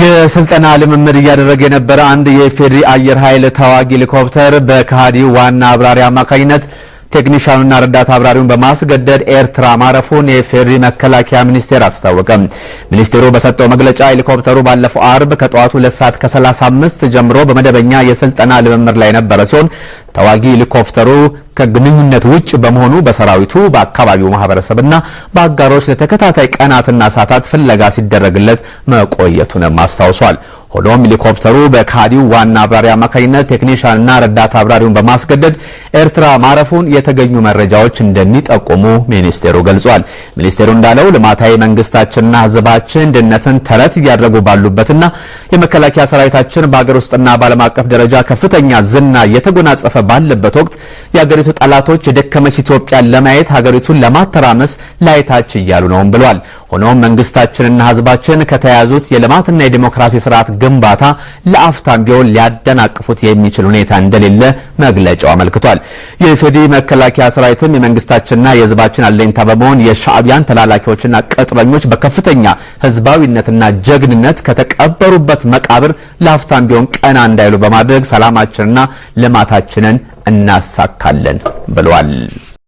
የስልጠና ልምምድ እያደረገ የነበረ አንድ የኢፌዴሪ አየር ኃይል ተዋጊ ሄሊኮፕተር በካሃዲ ዋና አብራሪ አማካኝነት ቴክኒሻኑና ረዳት አብራሪውን በማስገደድ ኤርትራ ማረፉን የፌሪ መከላከያ ሚኒስቴር አስታወቀ። ሚኒስቴሩ በሰጠው መግለጫ ሄሊኮፕተሩ ባለፈው አርብ ከጠዋቱ 2 ሰዓት ከ35 ጀምሮ በመደበኛ የስልጠና ልምምድ ላይ ነበረ ሲሆን ተዋጊ ሄሊኮፕተሩ ከግንኙነት ውጭ በመሆኑ በሰራዊቱ በአካባቢው ማህበረሰብና በአጋሮች ለተከታታይ ቀናትና ሰዓታት ፍለጋ ሲደረግለት መቆየቱንም አስታውሷል። ሆኖም ሄሊኮፕተሩ በካዲው ዋና አብራሪ አማካኝነት ቴክኒሻንና ረዳት አብራሪውን በማስገደድ ኤርትራ ማረፉን የተገኙ መረጃዎች እንደሚጠቁሙ ሚኒስቴሩ ገልጿል። ሚኒስቴሩ እንዳለው ልማታዊ መንግስታችንና ህዝባችን አንድነትን ተረት እያደረጉ ባሉበትና የመከላከያ ሰራዊታችን በሀገር ውስጥና በዓለም አቀፍ ደረጃ ከፍተኛ ዝና እየተጎናጸፈ ባለበት ወቅት የሀገሪቱ ጠላቶች የደከመች ኢትዮጵያን ለማየት ሀገሪቱን ለማተራመስ ላይታች እያሉ ነውም ብሏል። ሆኖም መንግስታችንና ህዝባችን ከተያዙት የልማትና የዲሞክራሲ ስርዓት ግንባታ ለአፍታም ቢሆን ሊያደናቅፉት የሚችል ሁኔታ እንደሌለ መግለጫው አመልክቷል። የኢፌዴሪ መከላከያ ሰራዊትም የመንግስታችንና የህዝባችን አለኝታ በመሆን የሻዕቢያን ተላላኪዎችና ቅጥረኞች በከፍተኛ ህዝባዊነትና ጀግንነት ከተቀበሩበት መቃብር ላፍታም ቢሆን ቀና እንዳይሉ በማድረግ ሰላማችንና ልማታችንን እናሳካለን ብሏል።